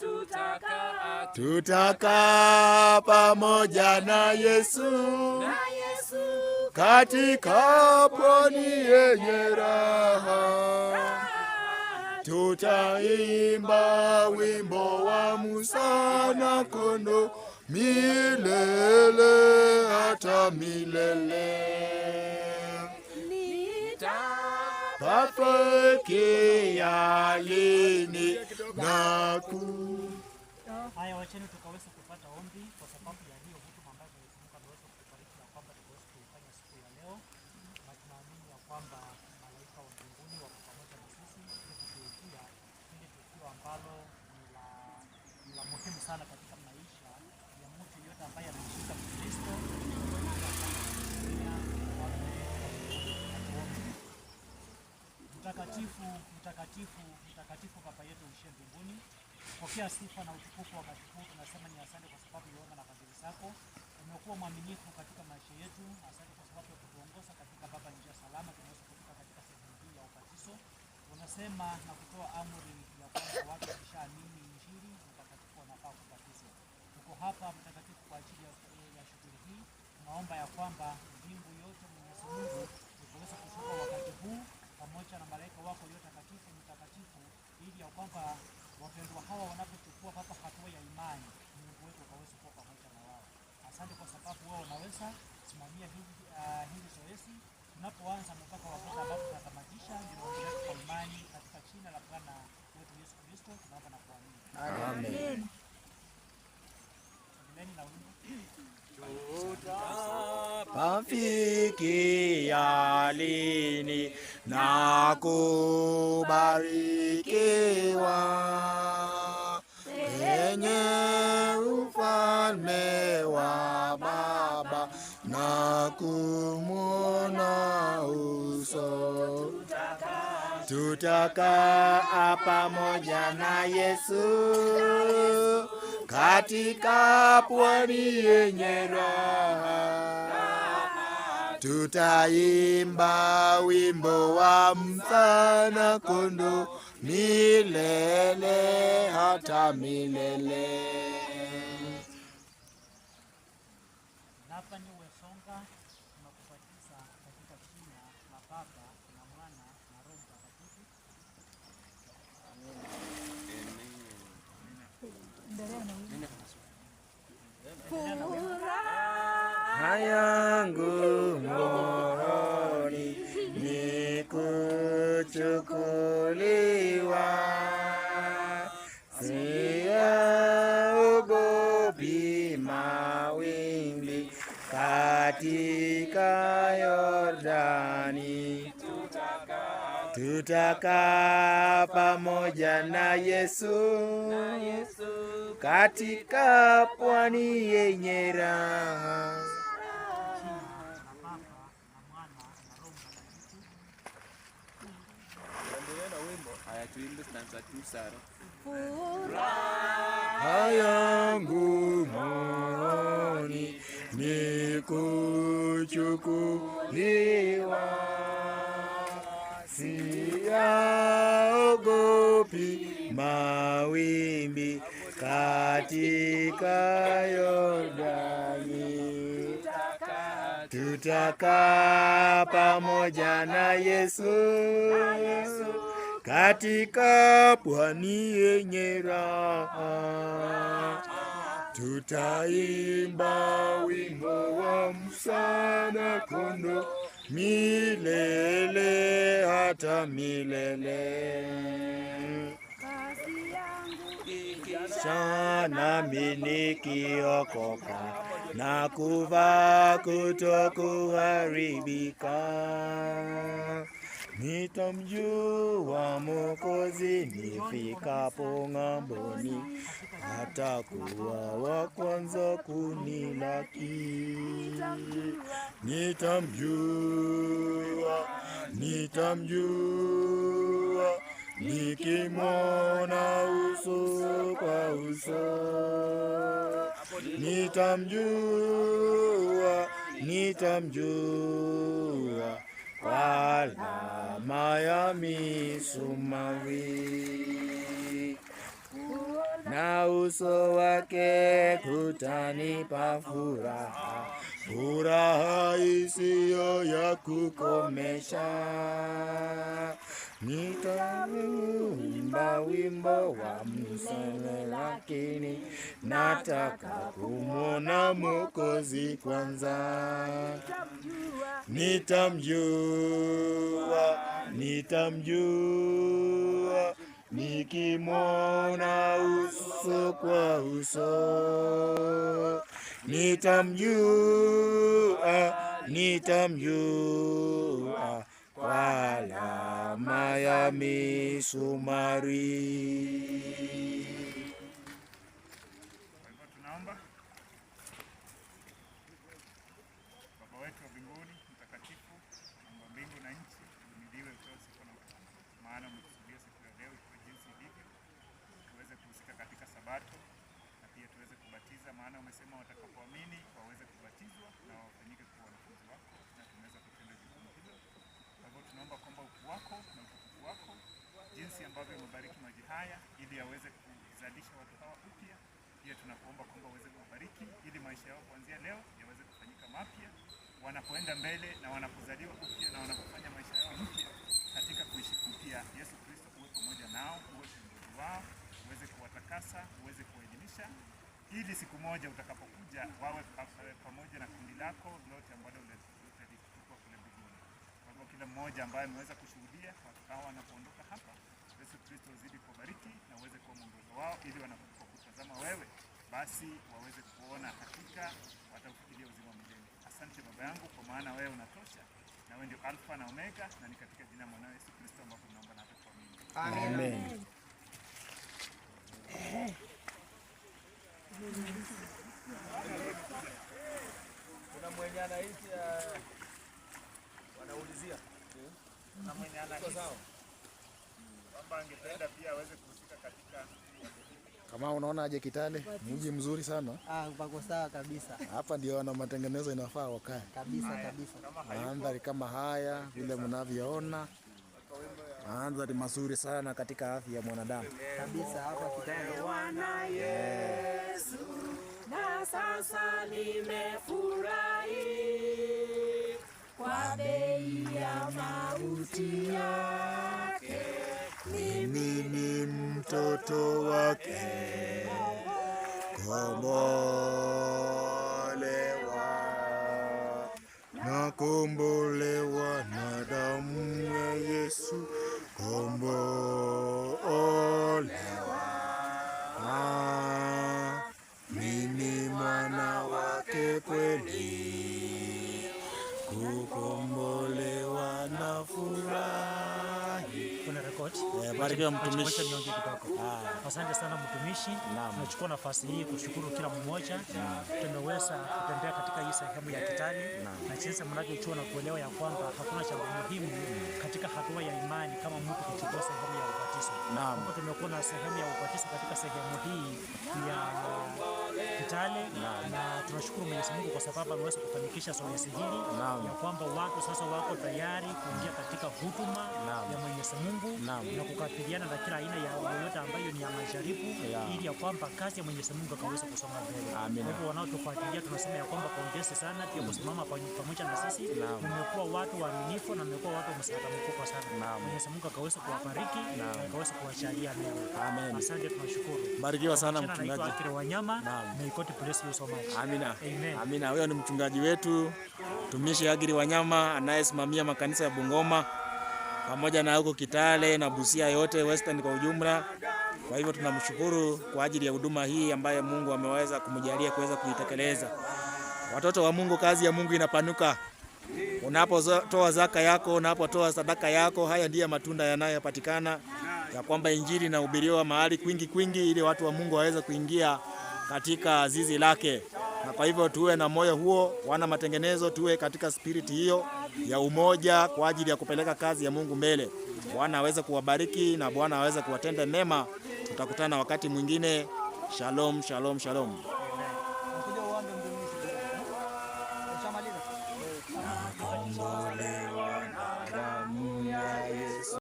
tutakaa tutaka pamoja na Yesu, katika pwani yenye raha tutaimba wimbo wa Musa na Kondo milele hata milele. Nitapafikia lini yako. Haya, wacheni tukaweza kupata ombi kwa sababu ya hiyo hutuba ambayo tumefunga tuweze kufariki na kwamba tuweze kuifanya siku ya leo, na tunaamini ya kwamba malaika wa mbinguni wako pamoja na sisi kutufikia ile tukio ambalo ni la muhimu sana katika maisha ya mtu yote ambaye anashika Mtakatifu, mtakatifu, mtakatifu Baba yetu ushe mbinguni, pokea sifa na utukufu. Wakati huu tunasema ni asante kwa sababu ya wema na fadhili zako. Umekuwa mwaminifu katika maisha yetu. Asante kwa sababu ya kutuongoza katika Baba njia salama, tunaweza kufika katika sehemu hii ya ubatizo. Unasema na kutoa amri ya kwamba watu wakishaamini Injili mtakatifu wanafaa kubatizwa. Tuko hapa mtakatifu kwa ajili ya, ya shughuli hii, tunaomba ya kwamba kuweza kusimamia hili ah, zoezi tunapoanza mpaka wakati ambapo tunatamatisha. Kwa imani katika jina la Bwana wetu Yesu Kristo tunaomba na kuamini, amen. Amen. Tutafikia lini na kubarikiwa kwenye ufalme wako? na kumwona uso, tutakaa pamoja na Yesu katika pwani yenye raha, tutaimba wimbo wa msana kondo milele hata milele. s a n g a tunakupatisa katika jina la Baba na Mwana na Roho Mtakatifu. f r a h a yangu moyoni ni kuchukuliwa katika Yordani, tutakaa pamoja na Yesu katika pwani yenye raha. Furaha yangu moyoni ni kuchukuliwa, siyaogopi mawimbi katika Yordani, tutakaa pamoja na Yesu katika pwani yenye raha. Tutaimba wimbo wa msana kondo milele hata milele. Sana minikiokoka na kuvaa kutokuharibika. Nitamjua Mwokozi nifikapo ng'amboni, atakuwa wa kwanza kunilaki. Nitamjua, nitamjua nikimwona uso kwa uso. Nitamjua, nitamjua wala mayamisumari na uso wake kutani pa furaha, furaha isiyo ya kukomesha. Nitaimba wimbo wa msele, lakini nataka kumwona Mwokozi kwanza. Nitamjua, nitamjua nikimwona uso kwa uso. Nitamjua, nitamjua wala mayami sumari. haya ili aweze kuzalisha watu hawa upya. Pia tunakuomba kwamba uweze kuwabariki ili maisha yao kuanzia leo yaweze kufanyika mapya wanapoenda mbele na wanapozaliwa upya na wanapofanya maisha yao mpya katika kuishi upya. Yesu Kristo uwe pamoja nao, uwe kiongozi wao, uweze kuwatakasa, uweze kuwaelimisha ili siku moja utakapokuja wawe pamoja na kundi lako lote ambalo utalitupa kule mbinguni. Kwa hivyo kila mmoja ambaye ameweza kushuhudia watu hawa wanapoondoka hapa Yesu Kristo uzidi kubariki na uweze kuwa mwongozo wao, ili wanapokutazama wewe basi waweze kuona hakika wataufikiria uzima milele. Asante Baba yangu, kwa maana wewe unatosha na wewe ndio Alfa na Omega, na ni katika jina la mwanao Yesu Kristo ambapo tunaomba na kuamini. Amen. Amen. Kuna mwenye anaita wanaulizia. Kuna mwenye kwamba angependa pia aweze kuhusika katika kama unaona aje Kitale mji mzuri sana. Ah, pako sawa kabisa. Hapa ndio wana matengenezo inafaa wakae. Kabisa kabisa. Mandhari kama haya vile mnavyoona. Mandhari mazuri sana katika afya ya mwanadamu. Kabisa hapa Kitale. Bwana Yesu. Na sasa nimefurahi kwa bei ya mauti yao mimi ni mtoto wake komolewa na kombolewa na damu ya Yesu kombolewa ah, mimi mwana wake kweli kukombolewa Court. Eh, barikiwa mtumishi. Ah. Asante sana mtumishi. Tunachukua nafasi hii kushukuru kila mmoja tumeweza kutembea katika hii sehemu ya Kitale na jinsi mnavyochua na kuelewa ya kwamba hakuna cha muhimu katika hatua ya imani kama mtu kuchukua sehemu ya ubatizo. Tumekuwa na sehemu ya ubatizo katika sehemu hii ya Kitale na, na tunashukuru Mwenyezi Mungu kwa sababu ameweza kufanikisha zoezi hili ya kwamba watu sasa wako tayari kuingia katika huduma ya Mwenyezi Mungu na kukabiliana na kila aina ya yoyote ambayo ni ya majaribu ili ya kwamba kazi ya Mwenyezi Mungu akaweza kusonga mbele. Kwa hivyo wanaotufuatilia, tunasema ya kwamba pongezi sana pia kusimama pamoja na sisi. Mmekuwa watu waaminifu na mmekuwa watu msaada mkubwa sana. Mwenyezi Mungu akaweza kuwabariki na akaweza kuwajalia mema. Asante, tunashukuru. Barikiwa sana mchungaji. Wanyama we God bless you so much. Amina. Amen. Amina. Huyo ni mchungaji wetu mtumishi Agiri Wanyama anayesimamia makanisa ya Bungoma pamoja na huko Kitale na Busia yote Western kwa ujumla. Kwa hivyo tunamshukuru kwa ajili ya huduma hii ambayo Mungu ameweza kumjalia kuweza kuitekeleza. Watoto wa Mungu, kazi ya Mungu inapanuka. Unapotoa zaka yako, unapotoa sadaka yako, haya ndiyo matunda yanayopatikana ya kwamba Injili inahubiriwa mahali kwingi kwingi, ili watu wa Mungu waweze kuingia katika zizi lake, na kwa hivyo tuwe na moyo huo, wana matengenezo, tuwe katika spiriti hiyo ya umoja kwa ajili ya kupeleka kazi ya Mungu mbele. Bwana aweze kuwabariki na Bwana aweze kuwatenda mema. Tutakutana wakati mwingine. Shalom, shalom, shalom.